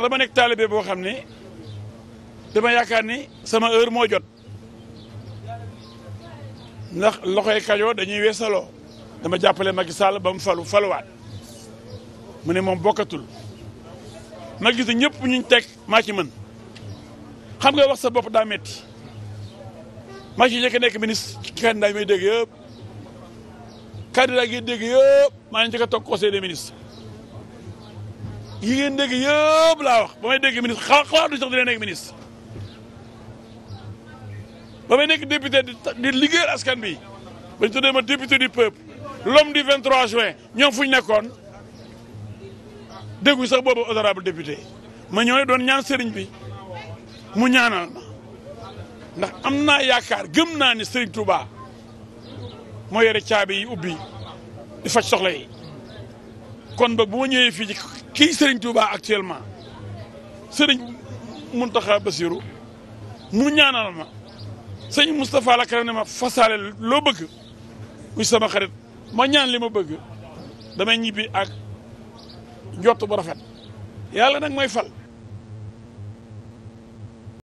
ndax dama nekk taalibe boo xam ne dama yaakaar ni sama heure moo jot ndax loxoy Kajoor dañuy weesaloo dama jàppale Macky Sall ba mu falu faluwaat mu ne moom bokkatul ma gis ne ñëpp ñu teg maa ci mën xam nga wax sa bopp daa metti maa ci njëkk nekk ministre candidat yi may dégg yëpp candidat yi dégg yëpp maa ngi njëkk a toog conseil des ministres yi ngeen dégg yëpp laa wax ba may dégg ministre xa xalaatuñ sax dina nekk ministre ba may nekk député di liggéeyal askan bi ba ñu tuddee ma député du peuple l'homme du 23 juin ñoom fu ñu nekkoon dégguñ sax boobu honorable député ma ñëw doon ñaan seriñ bi mu ñaanal ma ndax am naa yaakaar gëm naa ni sëriñ Touba moo yore caabi yi ubbi di faj soxla yi kon ba bu ma ñëwee fii ci kii Serigne Touba actuellement Serigne muntaxa Bassirou mu ñaanal ma sëñ Moustapha la kare ma fasaale loo bëgg muy sama xarit ma ñaan li ma bëgg damay ñibbi ak njott bu rafet yàlla nag mooy fal.